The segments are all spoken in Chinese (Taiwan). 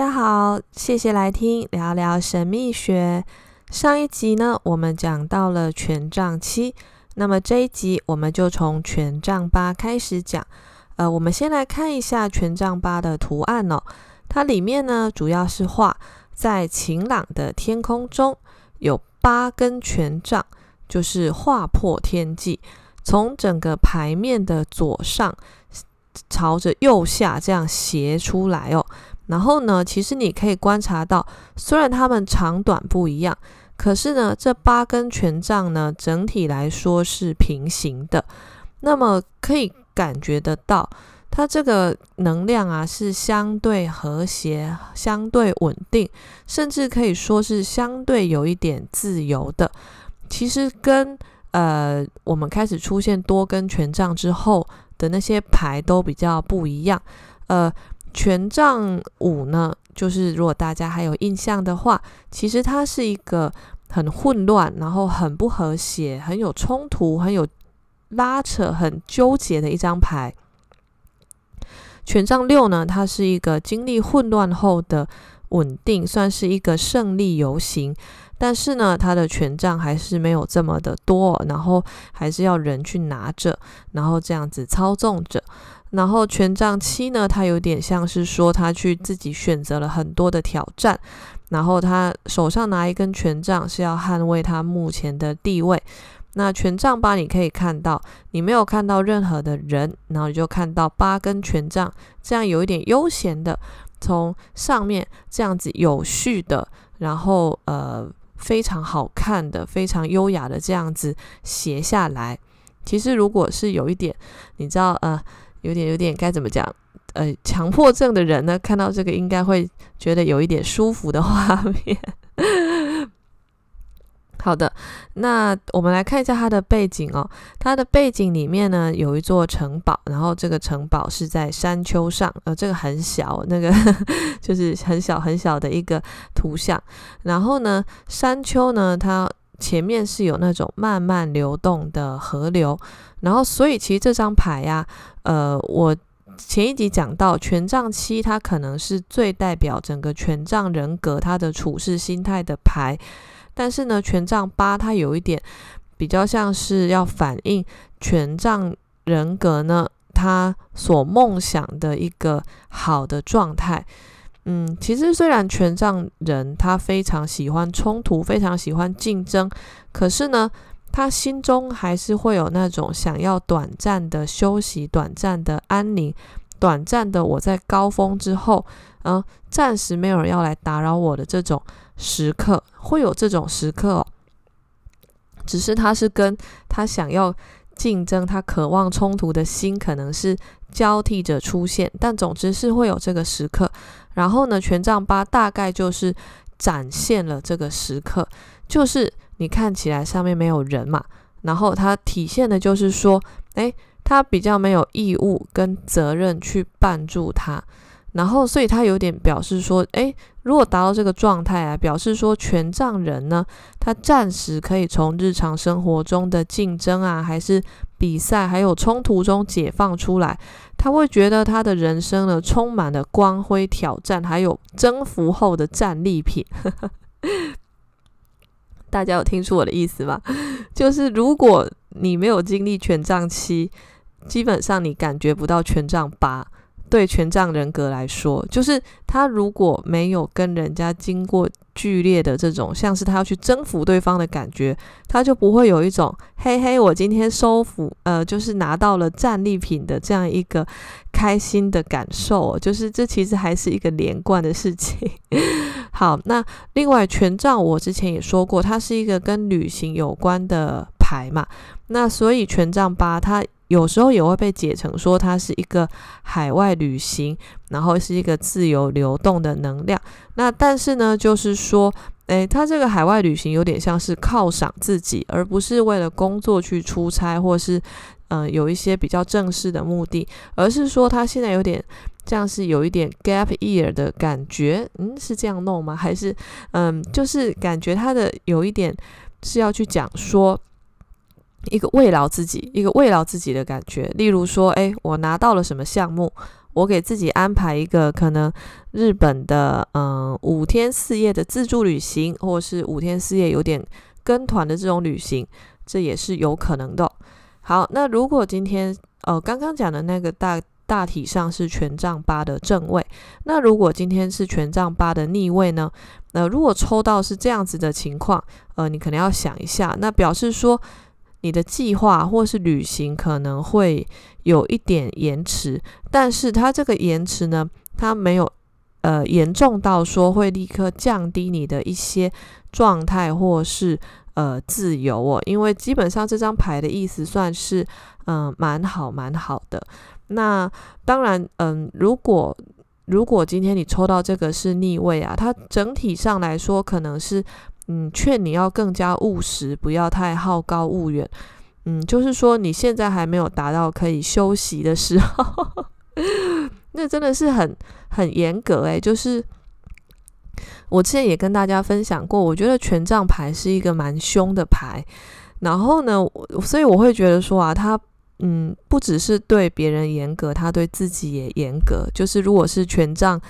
大家好，謝謝來聽聊聊神秘學。上一集呢，我們講到了權杖七，那麼這一集我們就從權杖八開始講。呃，我們先來看一下權杖八的圖案哦，它裡面呢主要是畫在晴朗的天空中有八根權杖，就是劃破天際，從整個牌面的左上朝着右下這樣斜出來哦。然後呢，其實你可以觀察到，雖然它們長短不一樣，可是呢，這八根權杖呢，整體來說是平行的。那麼可以感覺得到，它這個能量啊，是相對和諧、相對穩定，甚至可以說是相對有一點自由的。其實跟呃，我們開始出現多根權杖之後的那些牌都比較不一樣，呃。權杖五呢，就是如果大家還有印象的話，其實它是一個很混亂，然後很不和諧，很有衝突，很有拉扯，很糾結的一張牌。權杖六呢，它是一個經歷混亂後的穩定，算是一個勝利遊行，但是呢，它的權杖還是沒有這麼的多，然後還是要人去拿着，然後這樣子操縱着。然後權杖七呢，它有點像是說他去自己選擇了很多的挑戰，然後他手上拿一根權杖是要捍衛他目前的地位。那權杖八，你可以看到你沒有看到任何的人，然後你就看到八根權杖，這樣有一點悠閒的從上面這樣子有序的，然後呃非常好看的，非常優雅的這樣子斜下來。其實如果是有一點，你知道呃。有點有點該怎麼講？呃，強迫症的人呢，看到這個應該會覺得有一點舒服的畫面。 好的，那我們來看一下它的背景哦。它的背景裡面呢，有一座城堡，然後這個城堡是在山丘上，呃，這個很小，那個就是很小很小的一個圖像。然後呢，山丘呢，它前面是有那種慢慢流動的河流。然後，所以其實這張牌呀，啊，呃，我前一集講到權杖七，它可能是最代表整個權杖人格它的處事心態的牌，但是呢，權杖八它有一點比較像是要反映權杖人格呢，他所夢想的一個好的狀態。嗯，其實雖然權杖人他非常喜歡衝突，非常喜歡競爭，可是呢，他心中還是會有那種想要短暫的休息、短暫的安寧、短暫的我在高峰之後，嗯，暫時沒有人要來打擾我的這種時刻，會有這種時刻哦。只是他是跟他想要競爭、他渴望衝突的心，可能是交替着出現。但總之是會有這個時刻。然後呢，權杖八大概就是展現了這個時刻，就是。你看起來上面沒有人嘛，然後他體現的就是說，誒，他比較沒有義務跟責任去幫助他，然後所以他有點表示說，誒，如果達到這個狀態啊，表示說權杖人呢，他暫時可以從日常生活中的競爭啊，還是比賽，還有衝突中解放出來，他會覺得他的人生呢，充滿了光輝挑戰，還有征服後的戰利品。呵呵大家有聽出我的意思嗎？就是如果你沒有經歷權杖七，基本上你感覺不到權杖八。對權杖人格來說，就是他如果沒有跟人家經過劇烈的這種，像是他要去征服對方的感覺，他就不會有一種嘿嘿，我今天收服，呃，就是拿到了戰利品的這樣一個開心的感受。就是這其實還是一個連貫的事情。 好，那另外權杖，我之前也說過，它是一個跟旅行有關的牌嘛。那所以權杖八，它。有時候也會被解成說它是一個海外旅行，然後是一個自由流動的能量。那但是呢，就是說，哎、欸，他這個海外旅行有點像是犒賞自己，而不是為了工作去出差，或是嗯、呃、有一些比較正式的目的，而是說他現在有點這樣，是有一點 gap year 的感覺。嗯，是這樣弄嗎？還是嗯，就是感覺他的有一點是要去講說。一個慰勞自己，一個慰勞自己的感覺。例如說，哎，我拿到了什麼項目，我給自己安排一個可能日本的，嗯、呃，五天四夜的自助旅行，或是五天四夜有點跟團的這種旅行，這也是有可能的。好，那如果今天，呃，剛剛講的那個大大體上是權杖八的正位，那如果今天是權杖八的逆位呢？那、呃、如果抽到是這樣子的情況，呃，你可能要想一下，那表示說。你的計劃或是旅行可能會有一點延遲，但是它這個延遲呢，它沒有呃嚴重到說會立刻降低你的一些狀態或是呃自由哦，因為基本上這張牌的意思算是嗯、呃、蠻好蠻好的。那當然，嗯、呃，如果如果今天你抽到這個是逆位啊，它整體上來說可能是。嗯，勸你要更加務實，不要太好高騖遠。嗯，就是說你現在還沒有達到可以休息的時候， 那真的是很很嚴格欸。就是我之前也跟大家分享過，我覺得權杖牌是一個蠻凶的牌。然後呢，所以我會覺得說啊，他嗯，不只是對別人嚴格，他對自己也嚴格。就是如果是權杖。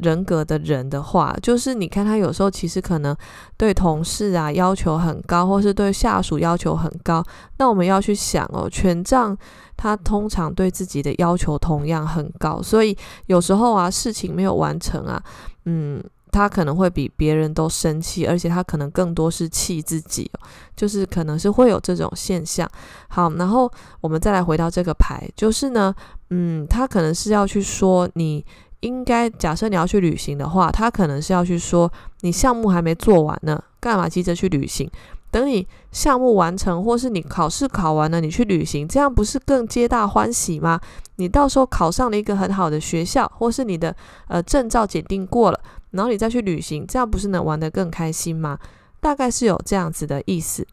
人格的人的話，就是你看他有時候其實可能對同事啊要求很高，或是對下屬要求很高。那我們要去想哦，權杖他通常對自己的要求同樣很高，所以有時候啊事情沒有完成啊，嗯，他可能會比別人都生氣，而且他可能更多是氣自己哦，就是可能是會有這種現象。好，然後我們再來回到這個牌，就是呢，嗯，他可能是要去說你。應該假設你要去旅行的話，他可能是要去說你項目還沒做完呢，幹嘛急着去旅行？等你項目完成，或是你考試考完了，你去旅行，這樣不是更皆大歡喜嗎？你到時候考上了一個很好的學校，或是你的呃證照檢定過了，然後你再去旅行，這樣不是能玩得更開心嗎？大概是有這樣子的意思。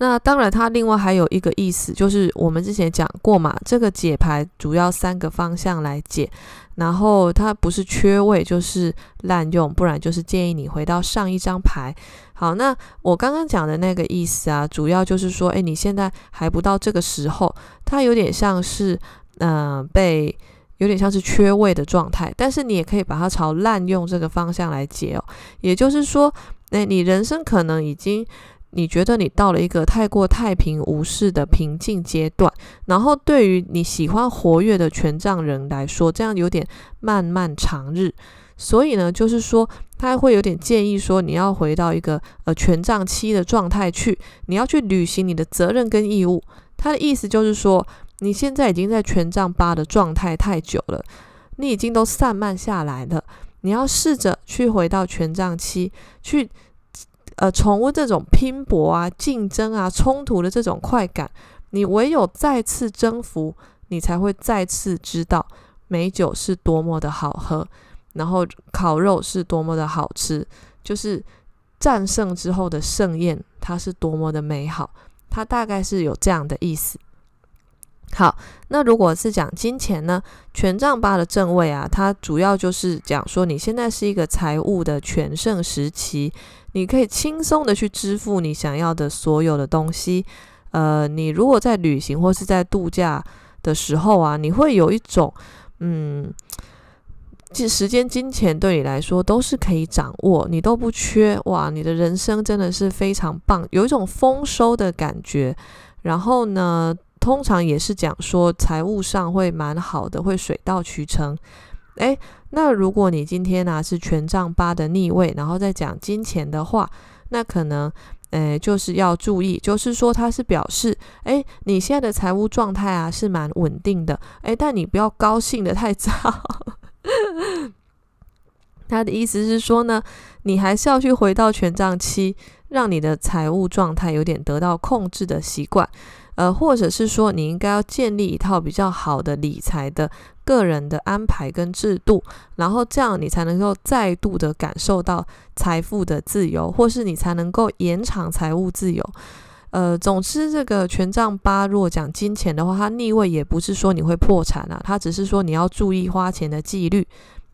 那當然，它另外還有一個意思，就是我們之前講過嘛，這個解牌主要三個方向來解，然後它不是缺位就是濫用，不然就是建議你回到上一張牌。好，那我剛剛講的那個意思啊，主要就是說，誒，你現在還不到這個時候，它有點像是，嗯、呃，被有點像是缺位的狀態，但是你也可以把它朝濫用這個方向來解哦，也就是說，誒，你人生可能已經。你覺得你到了一個太過太平無事的平靜階段，然後對於你喜歡活躍的權杖人來說，這樣有點漫漫長日。所以呢，就是說他會有點建議說，你要回到一個呃權杖七的狀態去，你要去履行你的責任跟義務。他的意思就是說，你現在已經在權杖八的狀態太久了，你已經都散漫下來了，你要試着去回到權杖七去。呃，重溫這種拼搏啊、競爭啊、衝突的這種快感，你唯有再次征服，你才會再次知道美酒是多麼的好喝，然後烤肉是多麼的好吃，就是戰勝之後的盛宴，它是多麼的美好，它大概是有這樣的意思。好，那如果是講金錢呢？權杖八的正位啊，它主要就是講說，你現在是一個財務的全盛時期，你可以輕鬆的去支付你想要的所有的東西。呃，你如果在旅行或是在度假的時候啊，你會有一種，嗯，金時間、金錢對你來說都是可以掌握，你都不缺。哇，你的人生真的是非常棒，有一種豐收的感覺。然後呢，通常也是講說財務上會蠻好的，會水到渠成。誒，那如果你今天呢、啊、是權杖八的逆位，然後再講金錢的話，那可能，誒就是要注意，就是說，他是表示，誒你現在的財務狀態啊是蠻穩定的，誒，但你不要高興得太早。 他的意思是說呢，你還是要去回到權杖七，讓你的財務狀態有點得到控制的習慣。呃，或者是說你應該要建立一套比較好的理財的個人的安排跟制度，然後這樣你才能夠再度的感受到財富的自由，或是你才能夠延長財務自由。呃，總之這個權杖八如果講金錢的話，它逆位也不是說你會破產啊，它只是說你要注意花錢的紀律，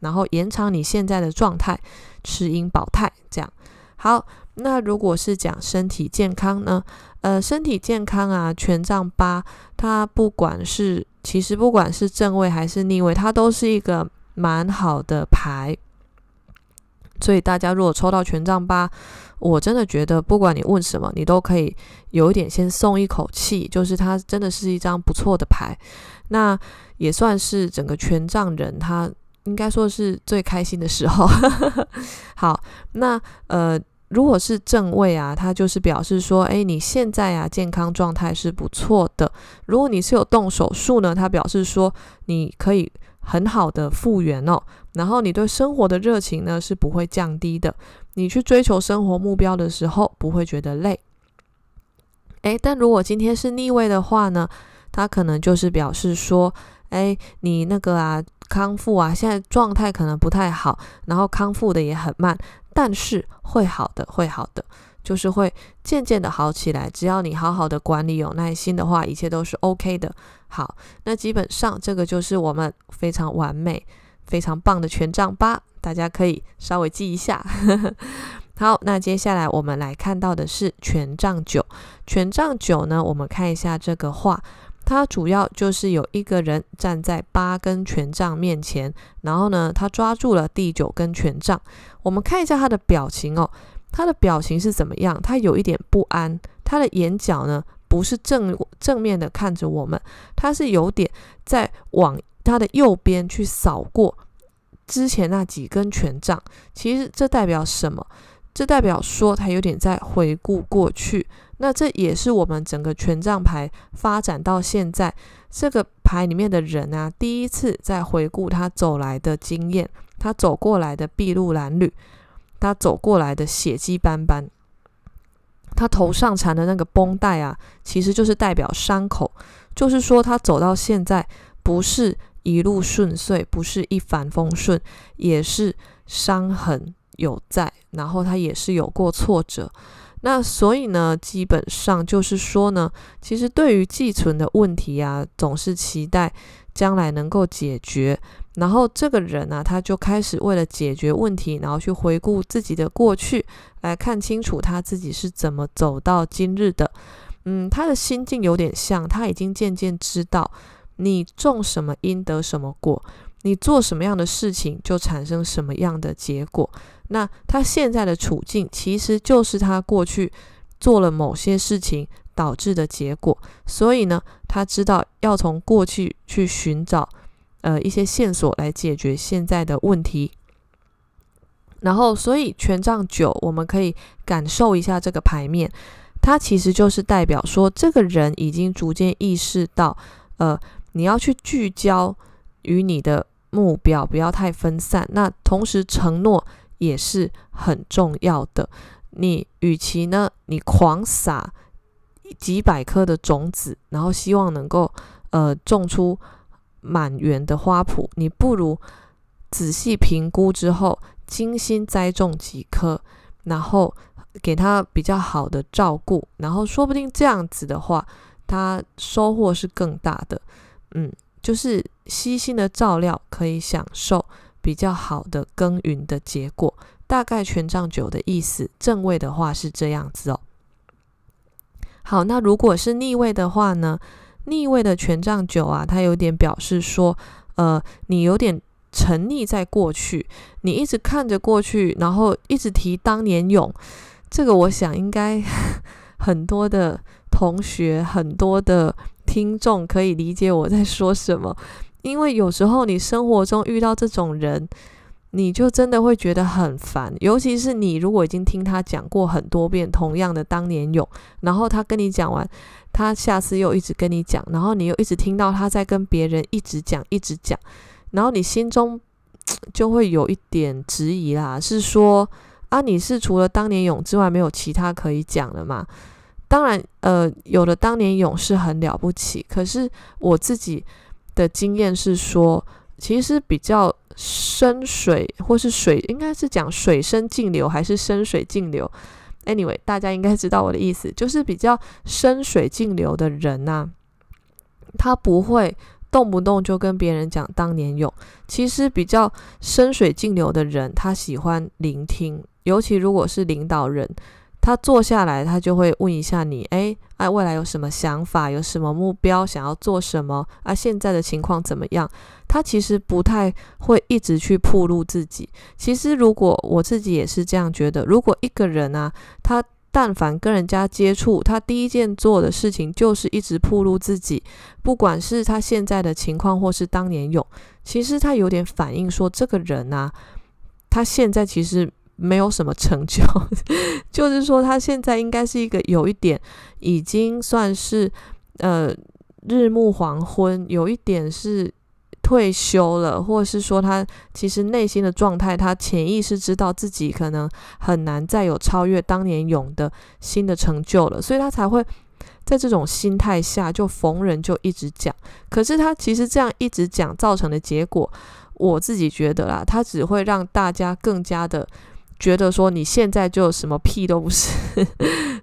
然後延長你現在的狀態，持盈保泰這樣。好。那如果是講身體健康呢？呃，身體健康啊，權杖八，它不管是，其實不管是正位還是逆位，它都是一個蠻好的牌。所以大家如果抽到權杖八，我真的覺得不管你問什麼，你都可以有一點先鬆一口氣，就是它真的是一張不錯的牌。那也算是整個權杖人，他應該說是最開心的時候。 好，那呃。如果是正位啊，它就是表示說，誒，你現在啊健康狀態是不錯的。如果你是有動手術呢，它表示說你可以很好的復原哦。然後你對生活的熱情呢是不會降低的。你去追求生活目標的時候不會覺得累。誒，但如果今天是逆位的話呢，它可能就是表示說，誒，你那個啊康復啊現在狀態可能不太好，然後康復的也很慢。但是會好的，會好的，就是會漸漸的好起來。只要你好好的管理，有耐心的話，一切都是 OK 的。好，那基本上這個就是我們非常完美、非常棒的權杖八，大家可以稍微記一下。 好，那接下來我們來看到的是權杖九。權杖九呢，我們看一下這個畫。他主要就是有一個人站在八根權杖面前，然後呢，他抓住了第九根權杖。我們看一下他的表情哦，他的表情是怎麼樣？他有一點不安，他的眼角呢不是正正面的看着我們，他是有點在往他的右邊去掃過之前那幾根權杖。其實這代表什麼？這代表說他有點在回顧過去。那這也是我們整個權杖牌發展到現在，這個牌裡面的人啊，第一次在回顧他走來的經驗，他走過來的篳路藍縷，他走過來的血跡斑斑，他頭上纏的那個繃帶啊，其實就是代表傷口，就是說他走到現在不是一路順遂，不是一帆風順，也是傷痕有在，然後他也是有過挫折。那所以呢，基本上就是說呢，其實對於寄存的問題啊，總是期待將來能夠解決。然後這個人啊，他就開始為了解決問題，然後去回顧自己的過去，來看清楚他自己是怎麼走到今日的。嗯，他的心境有點像，他已經漸漸知道，你種什麼因得什麼果，你做什麼樣的事情就產生什麼樣的結果。那他現在的處境其實就是他過去做了某些事情導致的結果，所以呢，他知道要從過去去尋找呃一些線索來解決現在的問題。然後，所以權杖九，我們可以感受一下這個牌面，它其實就是代表說，這個人已經逐漸意識到，呃，你要去聚焦於你的目標，不要太分散。那同時承諾。也是很重要的。你與其呢，你狂撒幾百顆的種子，然後希望能夠呃種出滿園的花圃，你不如仔細評估之後，精心栽種幾顆，然後給他比較好的照顧，然後說不定這樣子的話，他收穫是更大的。嗯，就是悉心的照料可以享受。比較好的耕耘的結果，大概權杖九的意思，正位的話是這樣子哦。好，那如果是逆位的話呢？逆位的權杖九啊，它有點表示說，呃，你有點沉溺在過去，你一直看着過去，然後一直提當年勇。這個我想應該很多的同學、很多的聽眾可以理解我在說什麼。因為有時候你生活中遇到這種人，你就真的會覺得很煩。尤其是你如果已經聽他講過很多遍同樣的當年勇，然後他跟你講完，他下次又一直跟你講，然後你又一直聽到他在跟別人一直講、一直講，然後你心中就會有一點質疑啦，是說啊，你是除了當年勇之外沒有其他可以講的嗎？當然，呃，有了當年勇是很了不起，可是我自己。的經驗是說，其實比較深水或是水，應該是講水深靜流還是深水靜流？Anyway，大家應該知道我的意思，就是比較深水靜流的人吶、啊，他不會動不動就跟別人講當年勇。其實比較深水靜流的人，他喜歡聆聽，尤其如果是領導人。他坐下來，他就會問一下你，哎、欸啊、未來有什麼想法？有什麼目標？想要做什麼？啊，現在的情況怎麼樣？他其實不太會一直去暴露自己。其實，如果我自己也是這樣覺得，如果一個人啊，他但凡跟人家接觸，他第一件做的事情就是一直暴露自己，不管是他現在的情況，或是當年勇，其實他有點反映說，這個人啊，他現在其實。沒有什麼成就， 就是說他現在應該是一個有一點已經算是呃日暮黃昏，有一點是退休了，或者是說他其實內心的狀態，他潛意識知道自己可能很難再有超越當年勇的新的成就了，所以他才會在這種心態下就逢人就一直講。可是他其實這樣一直講造成的結果，我自己覺得啦，他只會讓大家更加的。覺得說你現在就什麼屁都不是，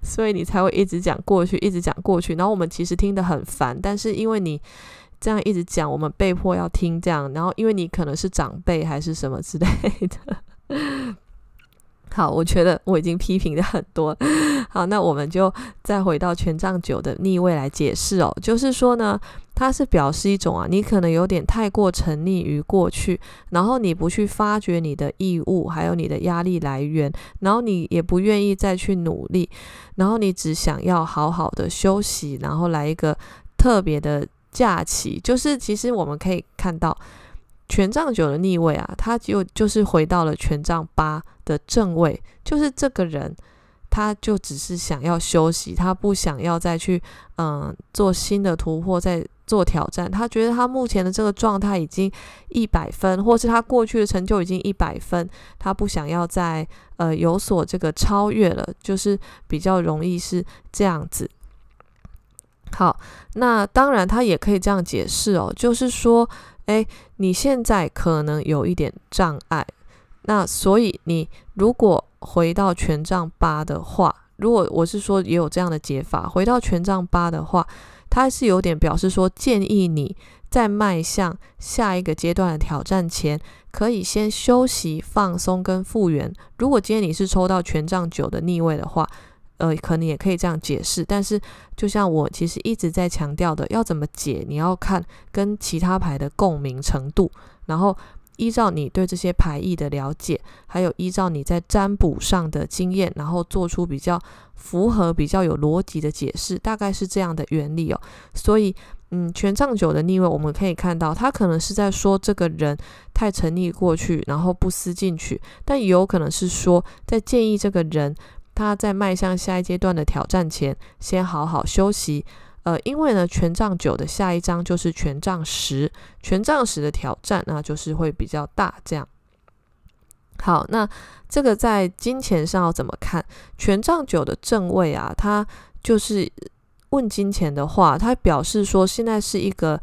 所以你才會一直講過去，一直講過去。然後我們其實聽得很煩，但是因為你這樣一直講，我們被迫要聽這樣。然後因為你可能是長輩還是什麼之類的，好，我覺得我已經批評的很多了。好，那我們就再回到權杖九的逆位來解釋哦，就是說呢。它是表示一種啊，你可能有點太過沉溺於過去，然後你不去發掘你的義務，還有你的壓力來源，然後你也不願意再去努力，然後你只想要好好的休息，然後來一個特別的假期。就是其實我們可以看到權杖九的逆位啊，他就就是回到了權杖八的正位，就是這個人他就只是想要休息，他不想要再去嗯做新的突破，再做挑戰，他覺得他目前的這個狀態已經一百分，或是他過去的成就已經一百分，他不想要再呃有所這個超越了，就是比較容易是這樣子。好，那當然他也可以這樣解釋哦，就是說，誒，你現在可能有一點障礙，那所以你如果回到權杖八的話，如果我是說也有這樣的解法，回到權杖八的話。它是有點表示說，建議你在邁向下一個階段的挑戰前，可以先休息、放鬆跟復原。如果今天你是抽到權杖九的逆位的話，呃，可能也可以這樣解釋。但是，就像我其實一直在強調的，要怎麼解，你要看跟其他牌的共鳴程度，然後。依照你對這些牌意的了解，還有依照你在占卜上的經驗，然後做出比較符合、比較有邏輯的解釋，大概是這樣的原理哦。所以，嗯，權杖九的逆位，我們可以看到，他可能是在說這個人太沉溺過去，然後不思進取；但也有可能是說，在建議這個人他在邁向下一階段的挑戰前，先好好休息。呃，因為呢，權杖九的下一張就是權杖十，權杖十的挑戰啊，那就是會比較大。這樣，好，那這個在金錢上要怎麼看？權杖九的正位啊，它就是問金錢的話，它表示說現在是一個。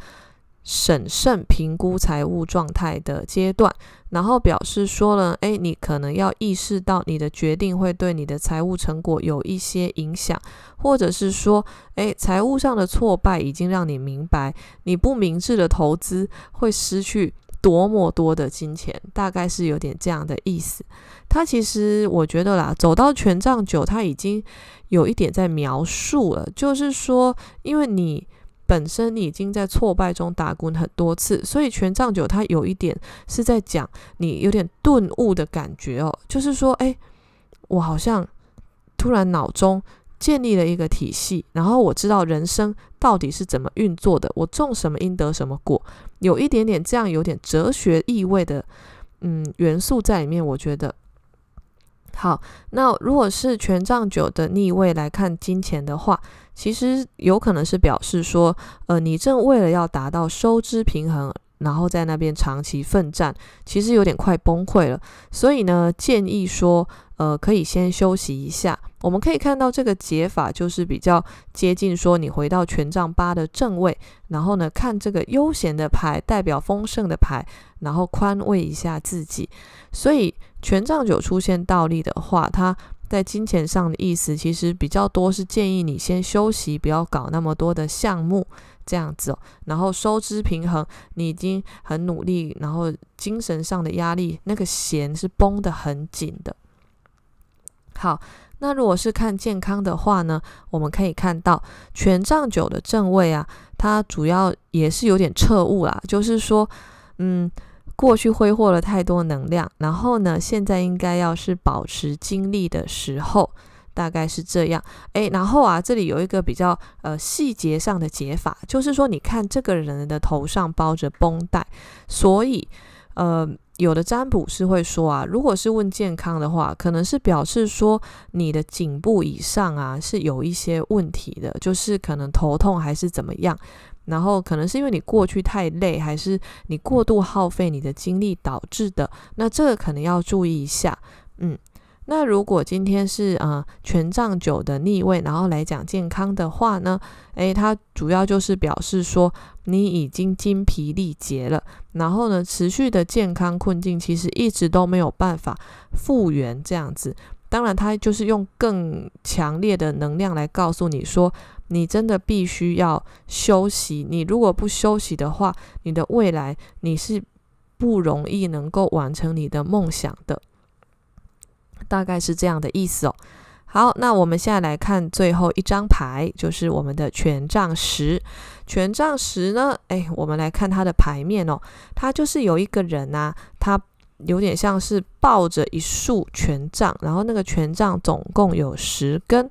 審慎評估財務狀態的階段，然後表示說了，誒，你可能要意識到你的決定會對你的財務成果有一些影響，或者是說，誒，財務上的挫敗已經讓你明白，你不明智的投資會失去多麼多的金錢，大概是有點這樣的意思。他其實我覺得啦，走到權杖九，他已經有一點在描述了，就是說，因為你。本身你已經在挫敗中打滾很多次，所以權杖九它有一點是在講你有點頓悟的感覺哦，就是說，誒，我好像突然腦中建立了一個體系，然後我知道人生到底是怎麼運作的，我種什麼因得什麼果，有一點點這樣有點哲學意味的嗯元素在裡面，我覺得。好，那如果是權杖九的逆位來看金錢的話，其實有可能是表示說，呃，你正為了要達到收支平衡，然後在那邊長期奮戰，其實有點快崩潰了。所以呢，建議說，呃，可以先休息一下。我們可以看到這個解法就是比較接近說，你回到權杖八的正位，然後呢，看這個悠閒的牌代表豐盛的牌，然後寬慰一下自己。所以。權杖九出現倒立的話，它在金錢上的意思其實比較多，是建議你先休息，不要搞那麼多的項目這樣子，哦。然後收支平衡，你已經很努力，然後精神上的壓力那個弦是繃得很緊的。好，那如果是看健康的話呢，我們可以看到權杖九的正位啊，它主要也是有點徹悟啦，就是說，嗯。過去揮霍了太多能量，然後呢，現在應該要是保持精力的時候，大概是這樣。誒，然後啊，這裡有一個比較呃細節上的解法，就是說，你看這個人的頭上包着繃帶，所以呃，有的占卜是會說啊，如果是問健康的話，可能是表示說你的頸部以上啊是有一些問題的，就是可能頭痛還是怎麼樣。然後可能是因為你過去太累，還是你過度耗費你的精力導致的？那這個可能要注意一下。嗯，那如果今天是呃權杖九的逆位，然後來講健康的話呢？誒，它主要就是表示說你已經精疲力竭了，然後呢持續的健康困境其實一直都沒有辦法復原這樣子。當然，它就是用更強烈的能量來告訴你說。你真的必須要休息，你如果不休息的話，你的未來你是不容易能夠完成你的夢想的，大概是這樣的意思哦。好，那我們現在來看最後一張牌，就是我們的權杖十。權杖十呢，誒、哎，我們來看它的牌面哦，它就是有一個人啊，他有點像是抱着一束權杖，然後那個權杖總共有十根。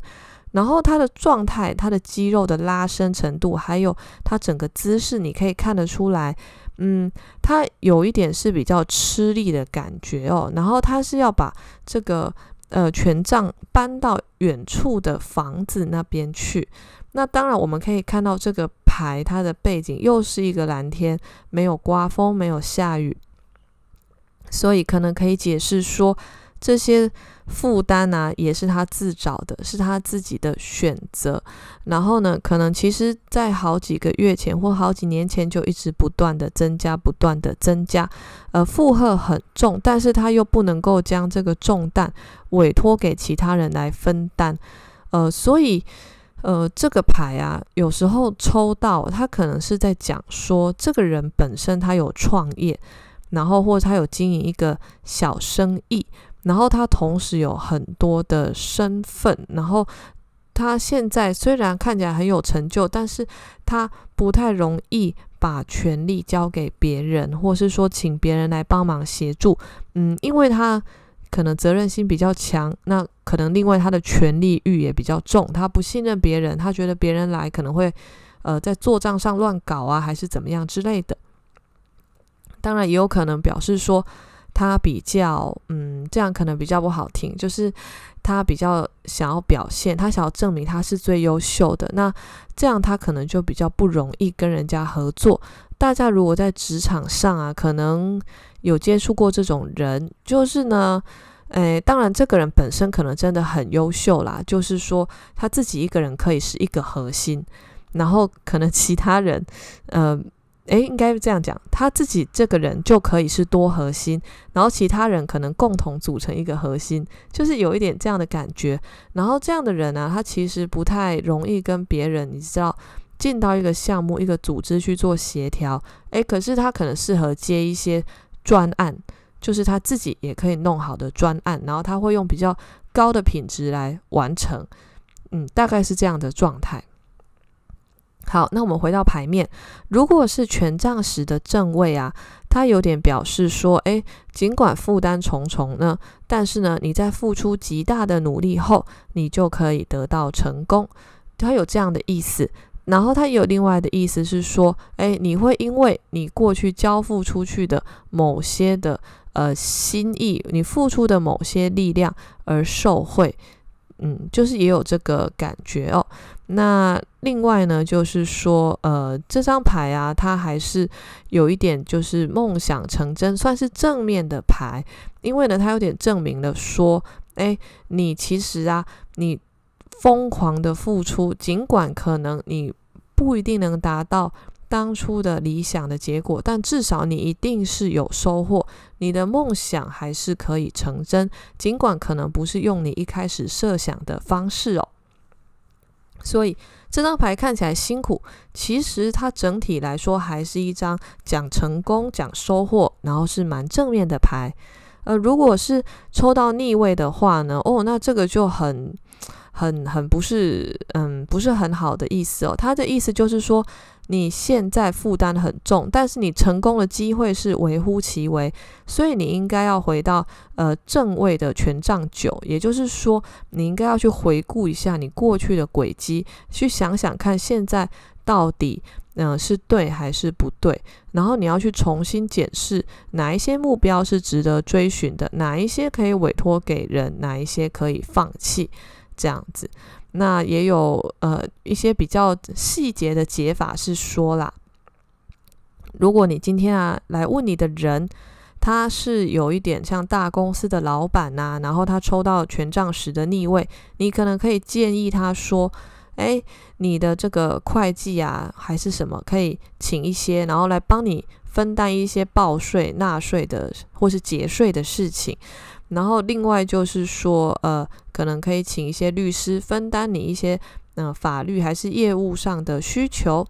然後他的狀態、他的肌肉的拉伸程度，還有他整個姿勢，你可以看得出來，嗯，他有一點是比較吃力的感覺哦。然後他是要把這個呃權杖搬到遠處的房子那邊去。那當然，我們可以看到這個牌，它的背景又是一個藍天，沒有颳風，沒有下雨，所以可能可以解釋說，這些負擔呢、啊，也是他自找的，是他自己的選擇。然後呢，可能其實在好幾個月前或好幾年前就一直不斷地增加，不斷地增加，呃，負荷很重，但是他又不能夠將這個重擔委托給其他人來分擔，呃，所以呃，這個牌啊，有時候抽到，他可能是在講說，這個人本身他有創業，然後或者他有經營一個小生意。然後他同時有很多的身份，然後他現在雖然看起來很有成就，但是他不太容易把權力交給別人，或是說請別人來幫忙協助。嗯，因為他可能責任心比較強，那可能另外他的權力慾也比較重，他不信任別人，他覺得別人來可能會呃在做賬上亂搞啊，還是怎麼樣之類的。當然也有可能表示說。他比較，嗯，這樣可能比較不好聽，就是他比較想要表現，他想要證明他是最優秀的。那這樣他可能就比較不容易跟人家合作。大家如果在職場上啊，可能有接觸過這種人，就是呢，誒，當然這個人本身可能真的很優秀啦，就是說他自己一個人可以是一個核心，然後可能其他人，嗯、呃。誒，應該這樣講，他自己這個人就可以是多核心，然後其他人可能共同組成一個核心，就是有一點這樣的感覺。然後這樣的人呢，啊，他其實不太容易跟別人，你知道，進到一個項目、一個組織去做協調。誒，可是他可能適合接一些專案，就是他自己也可以弄好的專案，然後他會用比較高的品質來完成。嗯，大概是這樣的狀態。好，那我們回到牌面，如果是權杖十的正位啊，它有點表示說，誒，儘管負擔重重呢，但是呢，你在付出極大的努力後，你就可以得到成功。它有這樣的意思，然後它也有另外的意思是說，誒，你會因為你過去交付出去的某些的呃心意，你付出的某些力量而受惠。嗯，就是也有這個感覺哦。那另外呢，就是說，呃，這張牌啊，它還是有一點，就是夢想成真，算是正面的牌。因為呢，它有點證明了說，哎，你其實啊，你瘋狂的付出，儘管可能你不一定能達到。當初的理想的結果，但至少你一定是有收穫，你的夢想還是可以成真，儘管可能不是用你一開始設想的方式哦。所以這張牌看起來辛苦，其實它整體來說還是一張講成功、講收穫，然後是蠻正面的牌。呃，如果是抽到逆位的話呢，哦，那這個就很、很、很不是，嗯，不是很好的意思哦。它的意思就是說，你現在負擔很重，但是你成功的機會是微乎其微，所以你應該要回到呃正位的權杖九，也就是說，你應該要去回顧一下你過去的軌跡，去想想看現在到底嗯、呃、是對還是不對，然後你要去重新檢視哪一些目標是值得追尋的，哪一些可以委托給人，哪一些可以放棄，這樣子。那也有呃一些比較細節的解法是說啦，如果你今天啊來問你的人，他是有一點像大公司的老板吶、啊，然後他抽到權杖十的逆位，你可能可以建議他說，誒、哎，你的這個會計啊還是什麼，可以請一些，然後來幫你分擔一些報稅、納稅的或是節稅的事情。然後，另外就是說，呃，可能可以請一些律師分擔你一些，嗯、呃，法律還是業務上的需求。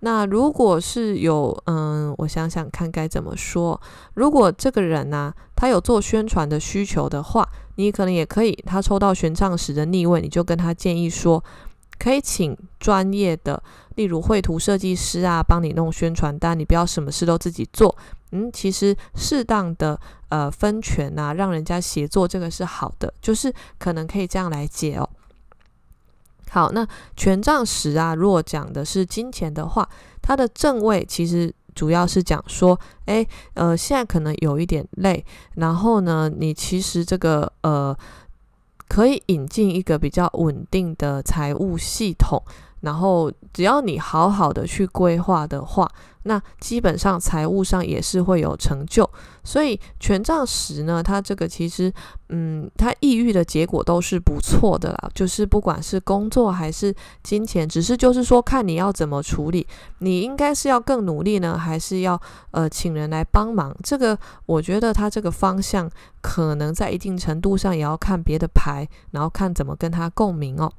那如果是有，嗯，我想想看該怎麼說。如果這個人呢、啊，他有做宣傳的需求的話，你可能也可以。他抽到權杖十的逆位，你就跟他建議說，可以請專業的，例如繪圖設計師啊，幫你弄宣傳單。你不要什麼事都自己做。嗯，其實適當的呃分權啊，讓人家協作，這個是好的，就是可能可以這樣來解哦。好，那權杖十啊，如果講的是金錢的話，它的正位其實主要是講說，哎，呃，現在可能有一點累，然後呢，你其實這個呃可以引進一個比較穩定的財務系統。然後，只要你好好的去規劃的話，那基本上財務上也是會有成就。所以權杖十呢，它這個其實，嗯，它抑鬱的結果都是不錯的啦。就是不管是工作還是金錢，只是就是說看你要怎麼處理，你應該是要更努力呢，還是要呃請人來幫忙？這個我覺得它這個方向可能在一定程度上也要看別的牌，然後看怎麼跟它共鳴哦。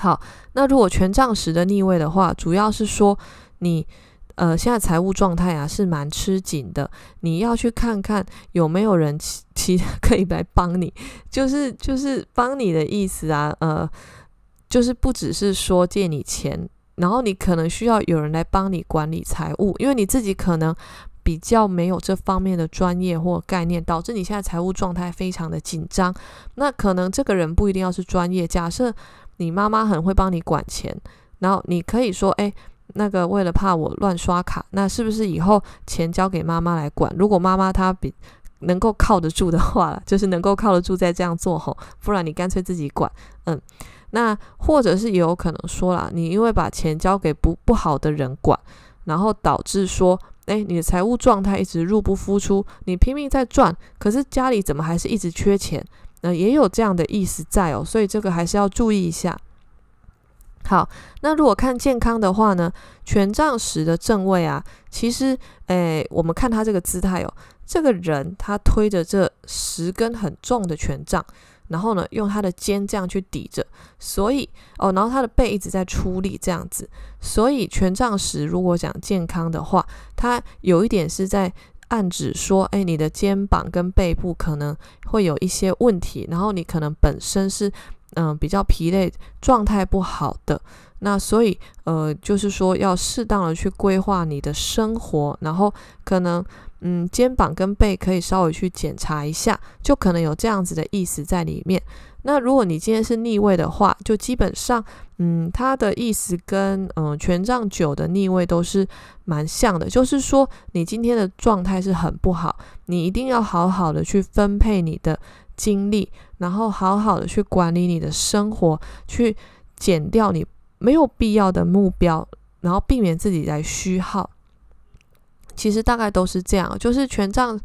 好，那如果權杖十的逆位的話，主要是說你呃現在財務狀態啊是蠻吃緊的，你要去看看有沒有人其其他可以來幫你，就是就是幫你的意思啊，呃，就是不只是說借你錢，然後你可能需要有人來幫你管理財務，因為你自己可能。比較沒有這方面的專業或概念，導致你現在財務狀態非常的緊張。那可能這個人不一定要是專業。假設你媽媽很會幫你管錢，然後你可以說：“哎、欸，那個為了怕我亂刷卡，那是不是以後錢交給媽媽來管？如果媽媽她比能夠靠得住的話，就是能夠靠得住再這樣做吼。不然你乾脆自己管。嗯，那或者是也有可能說啦，你因為把錢交給不不好的人管，然後導致說。誒，你的財務狀態一直入不敷出，你拼命在賺，可是家裡怎麼還是一直缺錢？那、呃、也有這樣的意思在哦，所以這個還是要注意一下。好，那如果看健康的話呢，權杖十的正位啊，其實，誒，我們看他這個姿態哦，這個人他推着這十根很重的權杖。然後呢，用他的肩這樣去抵着，所以哦，然後他的背一直在出力這樣子，所以權杖十如果講健康的話，它有一點是在暗指說，哎，你的肩膀跟背部可能會有一些問題，然後你可能本身是嗯、呃、比較疲累、狀態不好的，那所以呃就是說要適當的去規劃你的生活，然後可能。嗯，肩膀跟背可以稍微去檢查一下，就可能有這樣子的意思在裡面。那如果你今天是逆位的話，就基本上，嗯，它的意思跟，嗯，權杖九的逆位都是蠻像的，就是說你今天的狀態是很不好，你一定要好好的去分配你的精力，然後好好的去管理你的生活，去減掉你沒有必要的目標，然後避免自己來虛耗。其實大概都是這樣，就是權杖，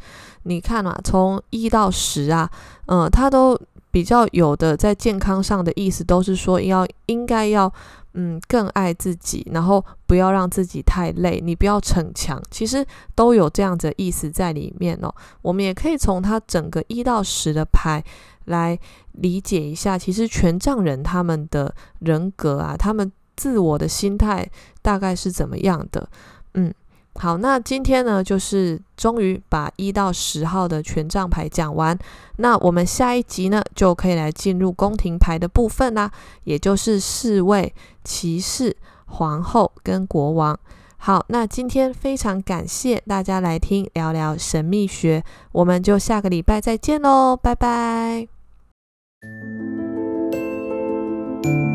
你看嘛，啊，從一到十啊，嗯，他都比較有的在健康上的意思，都是說要應該要，嗯，更愛自己，然後不要讓自己太累，你不要逞強，其實都有這樣子的意思在裡面哦。我們也可以從他整個一到十的牌來理解一下，其實權杖人他們的人格啊，他們自我的心態大概是怎麼樣的，嗯。好，那今天呢，就是終於把一到十號的權杖牌講完。那我們下一集呢，就可以來進入宮廷牌的部分啦，也就是侍衛、騎士、皇後跟國王。好，那今天非常感謝大家來聽聊聊神秘學，我們就下個禮拜再見嘍，拜拜。嗯。